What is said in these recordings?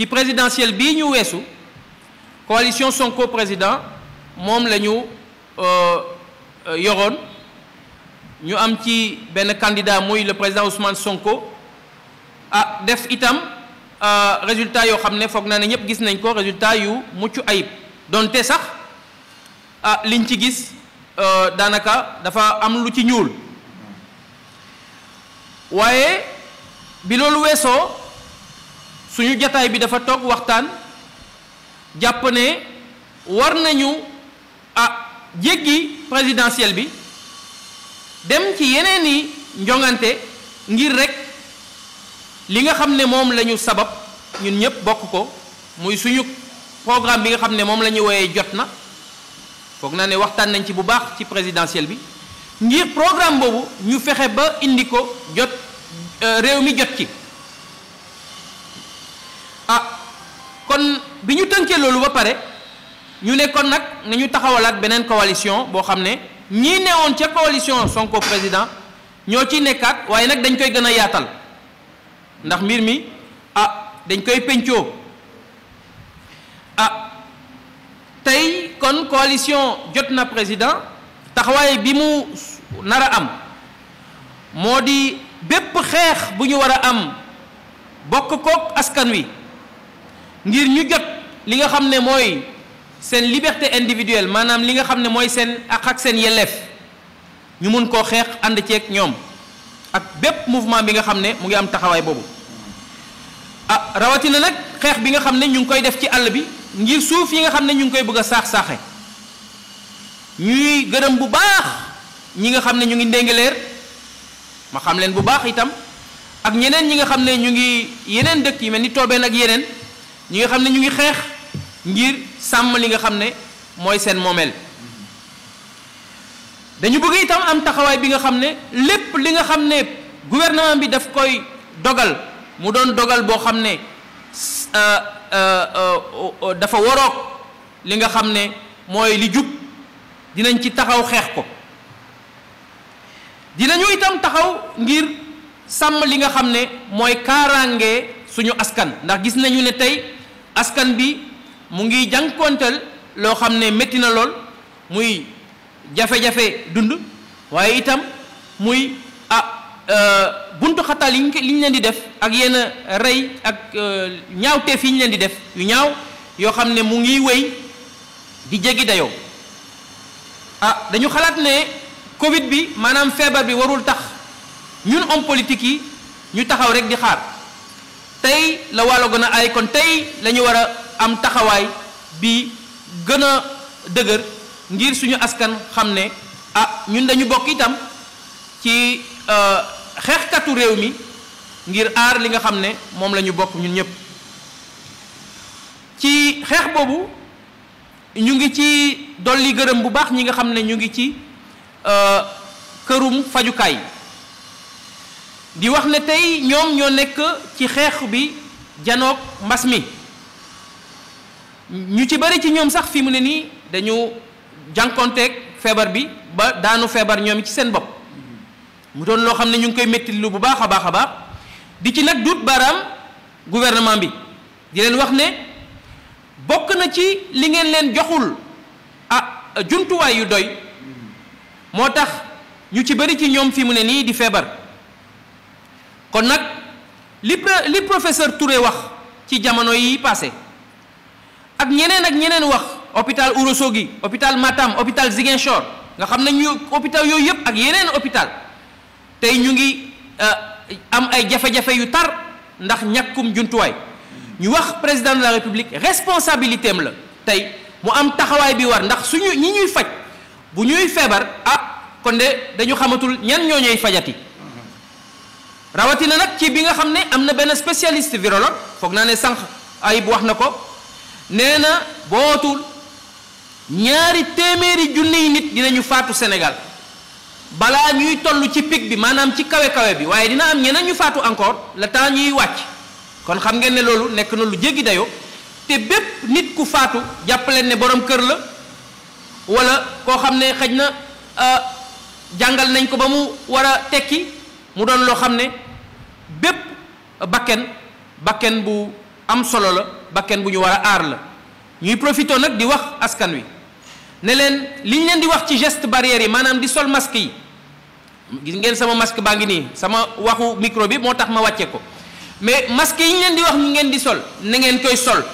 ci présidentielle bii ñu weesu coalition Sonko président moom la ñu euh, euh, yoroon ñu am ci benn candidat muy le président Ousmane Sonko ah def itam euh, résultat yoo xam ne foog naa ne ñëpp gis nañ ko résultat yu mucc ayib donte sax ah liñ ci gis daanaka dafa am lu ci ñuul waaye bi loolu weesoo. suñu jataay bi dafa toog waxtaan jàpp ne war nañu ah jéggi présidentielle bi dem ci yeneen i njongante ngir rek li nga xam ne moom la ñu sabab ñun ñëpp bokk ko muy suñu programme bi nga xam ne moom la ñu woyee jot na foog naa ne waxtaan nañ ci bu baax ci présidentielle bi ngir programme boobu ñu fexe ba indi ko jot euh, réew mi jot ci bi ñu tënkee loolu ba pare ñu ne kon nag nañu taxawalaat beneen coalition boo xam ne ñii newoon ca coalition Sonko président ñoo ciy nekkaat waaye nag dañ koy gën a yaatal ndax mbir mi ah dañ koy pencoo ah tey kon coalition jot na président taxawaay bi mu nar a am moo di bépp xeex bu ñu war a am bokk kook askan wi ngir ñu jot li nga xam ne mooy seen liberté individuelle maanaam li nga xam ne mooy seen ak seen yelleef ñu mën koo xeex ànd ceeg ñoom ak bépp mouvement bi nga xam ne mu ngi am taxawaay boobu ah rawatina nag xeex bi nga xam ne ñu ngi koy def ci àll bi ngir suuf yi nga xam ne ñu ngi koy bëgg a saax-saaxe ñuy gërëm bu baax ñi nga xam ne ñu ngi ndéngaleer ma xam leen bu baax itam ak ñeneen ñi nga xam ne ñu ngi yeneen dëkk yi mel ni toobeen ak yeneen ñi nga xam ne ñu ngi xeex ngir sàmm li nga xam ne mooy seen moomeel dañu bëgg itam am taxawaay bi nga xam ne lépp li nga xam ne gouvernement bi daf koy dogal mu doon dogal boo xam ne euh, euh, euh, dafa waroog li nga xam ne mooy li jub dinañ ci taxaw xeex ko dinañu itam taxaw ngir sàmm li nga xam ne mooy kaaraange suñu askan ndax gis nañu ne tey askan bi mu ngi jànkonteel loo xam ne métti na lool muy jafe-jafe dund waaye itam muy a ah, euh, buntu xatal yi ñu leen di def ak yenn rey ak euh, ñaawteef yi ñu leen di def yu ñaaw yoo xam ne mu ngi wéy di jéggi dayoo a ah, dañu xalaat ne Covid bi maanaam feebar bi warul tax ñun homme politique yi ñu taxaw rek di xaar. tey la wàllo gën a ay kon tey la ñu war a am taxawaay bi gën a dëgër ngir suñu askan xam ne ah ñun dañu bokk itam ci euh, xeexkatu réew mi ngir aar li nga xam ne moom lañu ñu bokk ñun ñépp ci xeex boobu ñu ngi ci dolli gërëm bu baax ñi nga xam ne ñu ngi ci euh, kërum fajukaay di wax ne tey ñoom ñoo nekk ci xeex bi janoog mbas mi ñu ci bari ci ñoom sax fi mu ne nii dañu jànkonteeg feebar bi ba daanu feebar ñoom ci seen bopp mu doon loo xam ne ñu ngi koy métti lu bu baax a baax a baax di ci nag dut baaraam gouvernement bi di leen wax ne bokk na ci li ngeen leen joxul a jumtuwaay yu doy moo tax ñu ci bari ci ñoom fi mu ne nii di feebar kon nag li li professeur Touré wax ci jamono yi passé ak ñeneen ak ñeneen wax hôpital Ourossogui hôpital Matam hôpital Ziguinchor nga xam ne ñu hôpital yooyu yëpp ak yeneen hôpital tey ñu ngi euh, am ay jafe-jafe yu tar ndax ñàkkum jumtuwaay ñu wax président de la république responsabilité am la tey mu am taxawaay bi war ndax suñu ñi ñuy faj bu ñuy feebar ah kon de dañu xamatul ñan ñooñooy ñooy fajati. rawatina nag ci bi nga xam ne am na benn spécialiste virologue foog naa ne sànq ayib wax na ko nee na bootul ñaari téeméeri junniy nit dina ñu faatu Sénégal balaa ñuy toll ci pic bi maanaam ci kawe kawe bi waaye dina am ñeneen ñu faatu encore le temps ñuy wàcc kon xam ngeen ne loolu nekk na lu jéggi dayoo te bépp nit ku faatu jàppaleen ne borom kër la wala koo xam ne xaj na euh, jàngal nañ ko ba mu war a tekki. mu doon loo xam ne bépp bakken bakken bu am solo la bakken bu ñu war a aar la ñuy profité nag di wax askan wi ne leen liñ leen di wax ci geste barrière yi maanaam di sol masque yi gis ngeen sama masque baa ngi nii sama waxu micro bi moo tax ma wàcce ko mais masque yi ñu leen di wax ngeen di sol na ngeen koy sol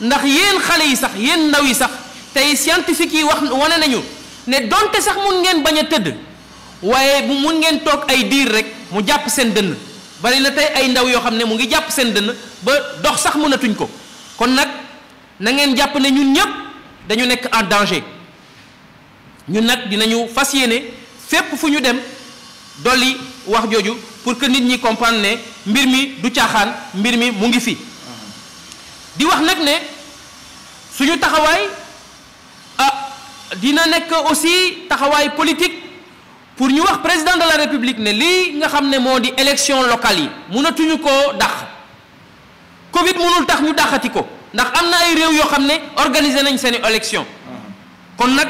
ndax yéen xale yi sax yéen ndaw yi sax tey scientifique yi wax wane nañu ne donte sax mun ngeen bañ a tëdd waaye bu mun ngeen toog ay diir rek mu jàpp seen dënn bari na tey ay ndaw yoo xam ne mu ngi jàpp seen dënn ba dox sax mënatuñ ko kon nag na ngeen jàpp ne ñun ñëpp dañu nekk en danger ñun nag dinañu fas yéene fépp fu ñu dem dolli wax jooju pour que nit ñi comprendre ne mbir mi du caaxaan mbir mi mu ngi fi di wax nag ne suñu taxawaay ah dina nekk aussi taxawaay politique pour ñu wax président de la république ne lii nga xam ne moo di élection locale yi mënatuñu koo dàq Covid mënul tax ñu dàqati ko ndax am na ay réew yoo xam ne organiser nañ seen élection kon nag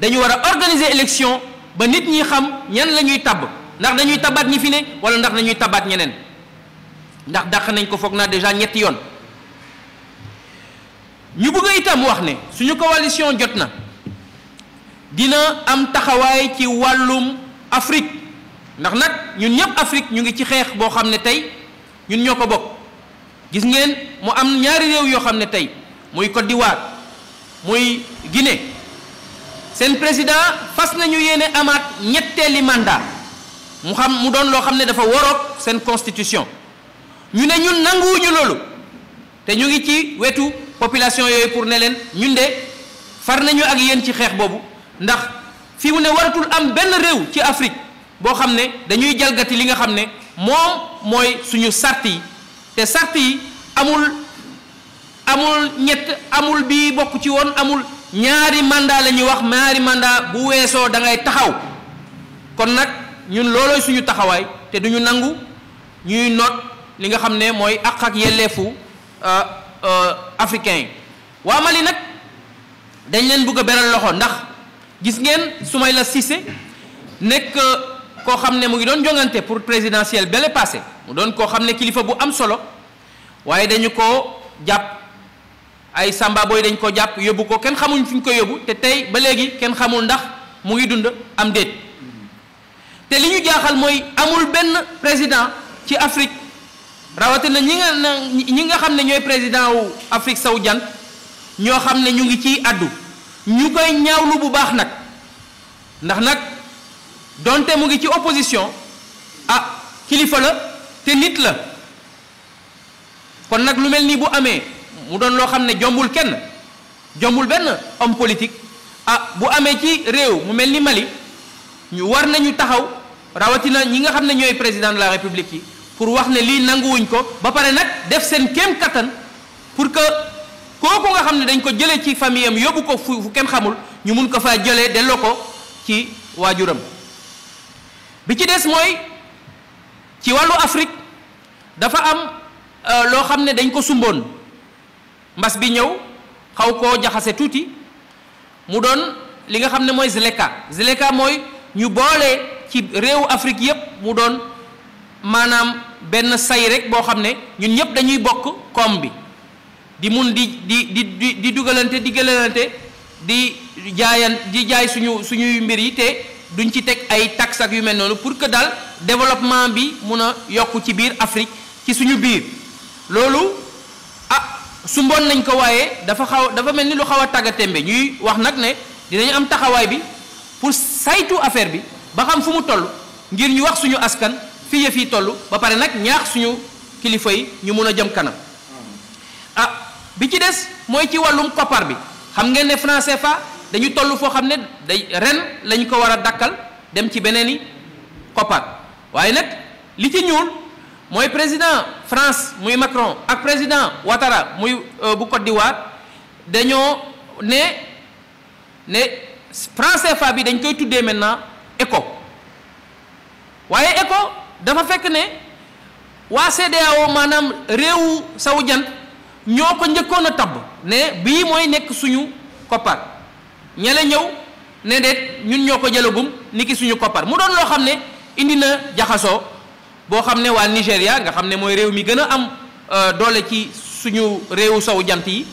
dañu war a organiser élection ba nit ñi xam ñan la ñuy tabb ndax dañuy tabaat ñi fi ne wala ndax nañuy tabaat ñeneen ndax dàq nañ ko foog naa déjà ñetti yoon ñu bëgg itam wax ne suñu coalition jot na dina am taxawaay ci wàllum. Afrique ndax nag ñun ñëpp Afrique ñu ngi ci xeex boo xam ne tey ñun ñoo ko bokk gis ngeen mu am ñaari réew yoo xam ne tey muy Côte d'Ivoire muy Guinée seen président fas nañu yéene amaat ñetteeli mandat mu xam mu doon loo xam ne dafa waroog seen constitution ñu ne ñun nanguwuñu loolu te ñu ngi ci wetu population yooyu pour ne leen ñun de far nañu ak yéen ci xeex boobu ndax fii mu ne waratul am benn réew ci Afrique boo xam ne dañuy jalgati li nga xam ne moom mooy suñu sart yi te sart yi amul amul ñett amul bi bokk ci woon amul ñaari mandat la ñuy wax ñaari mandat bu weesoo da ngay taxaw kon nag ñun loolooy suñu taxawaay te duñu nangu ñuy noot li nga xam ne mooy àq ak yelleefu euh, euh, africain yi waa Mali nag dañ leen bugg a beral loxo ndax gis ngeen Soumaïla Cissé nekk euh, koo xam ne mu ngi doon jongante pour présidentielle bele passé mu doon koo xam ne kilifa bu am solo waaye dañu koo jàpp ay samba yi dañ koo jàpp yóbbu ko kenn xamuñ fu ñu ko yóbbu te tey ba léegi kenn xamul ndax mu ngi dund am déet te li ñu jaaxal mooy amul benn président ci Afrique rawatina ñi nga nga xam ne ñooy président wu Afrique saw jant ñoo xam ne ñu ngi ciy àddu ñu koy ñaawlu bu baax nag ndax nag donte mu ngi ci opposition a ah, kilifa la te nit la kon nag lu mel nii bu amee mu doon loo xam ne jombul kenn jombul benn homme politique ah bu amee ci réew mu mel ni Mali ñu war nañu taxaw rawatina ñi nga xam ne ñooy président de la république yi pour wax ne lii nanguwuñ ko ba pare nag def seen kéem kattan pour que. kooku nga xam ne dañ ko jëlee ci famille am yóbbu ko fu kenn xamul ñu mun ko faa jëlee delloo ko ci waajuram bi ci des mooy ci wàllu Afrique dafa am euh, loo xam ne dañ ko sumboon mbas bi ñëw xaw koo jaxase tuuti mu doon li nga xam ne mooy Zileka Zileka mooy ñu boole ci réewu Afrique yépp mu doon maanaam benn say rek boo xam ne ñun ñëpp dañuy bokk koom bi di mun di di di di dugalante di gëlalante di jaayan di jaay suñu suñuy mbir yi te duñ ci teg ay taxes ak yu mel noonu pour que daal développement bi mun a yokk ci biir Afrique ci suñu biir loolu ah sumboon nañ ko waaye dafa xaw dafa mel ni lu xaw a tàggatémbe ñuy wax nag ne dinañ am taxawaay bi pour saytu affaire bi ba xam fu mu toll ngir ñu wax suñu askan fi yëf yi toll ba pare nag ñaax suñu kilifa yi ñu mun a jëm kanam. bi ci des mooy ci wàllum koppar bi xam ngeen ne franc fa dañu toll foo xam ne day ren lañu ko war a dakkal dem ci beneen i koppar waaye nag li ci ñuul mooy président France muy Macron ak président Ouattara muy euh, bu Côte d'Ivoire dañoo ne ne franc CFA bi dañ koy tuddee maintenant ECO waaye ECO dafa fekk ne waa CEDEAO maanaam réewu sawu jant ñoo ko njëkkoon a tabb ne bii mooy nekk suñu koppar ñale ñëw ne deet ñun ñoo ko jëlagum niki suñu koppar mu doon loo xam ne indi na jaxasoo boo xam ne waa Nigéria nga xam ne mooy réew mi gën a am euh, doole ci suñu réewu sow jant yi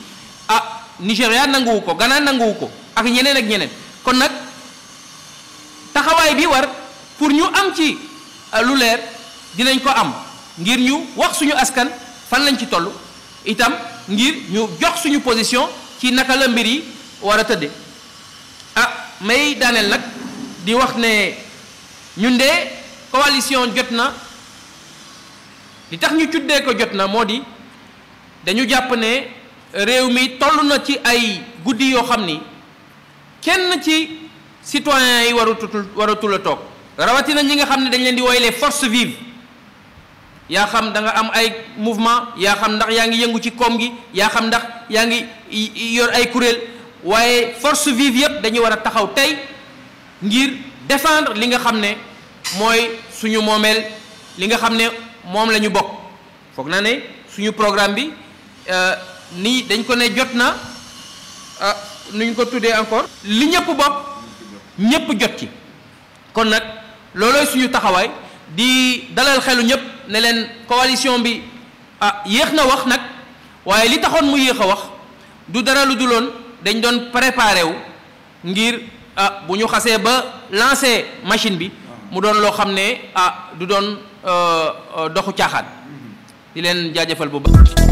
ah Nigéria nanguwu ko Ghana nanguwu ko ak ñeneen ak ñeneen kon nag taxawaay bi war pour ñu am ci euh, lu leer dinañ ko am ngir ñu wax suñu askan fan lañ ci toll itam ngir ñu jox suñu position ci naka la mbir yi war a tëdde ah may daaneel nag di wax ne ñun de coalition jot na li tax ñu tuddee ko jot na moo di dañu jàpp ne réew mi toll na ci ay guddi yoo xam ni kenn ci citoyens yi warutul waratul a toog na ñi nga xam ne dañ leen di woy les forces yaa xam da nga am ay mouvement yaa xam ndax yaa ngi yëngu ci koom gi yaa xam ndax yaa ngi yor ay kuréel waaye force vive yëpp dañuy war a taxaw tey ngir défendre li nga xam ne mooy suñu moomeel li nga xam ne moom la ñu bokk foog naa ne suñu programme bi euh, nii dañ ko ne jot na euh, nu ñu ko tuddee encore li ñëpp bokk ñëpp jot ci kon nag loolooy suñu taxawaay di dalal xelu ñëpp ne leen coalition bi ah yéex na wax nag waaye li taxoon mu yéex a wax du dara lu duloon dañ doon préparé wu ngir ah, bu ñu xasee ba lancé machine bi mu doon loo xam ne ah du doon euh, euh, doxu caaxaan di leen jaajëfal bu baax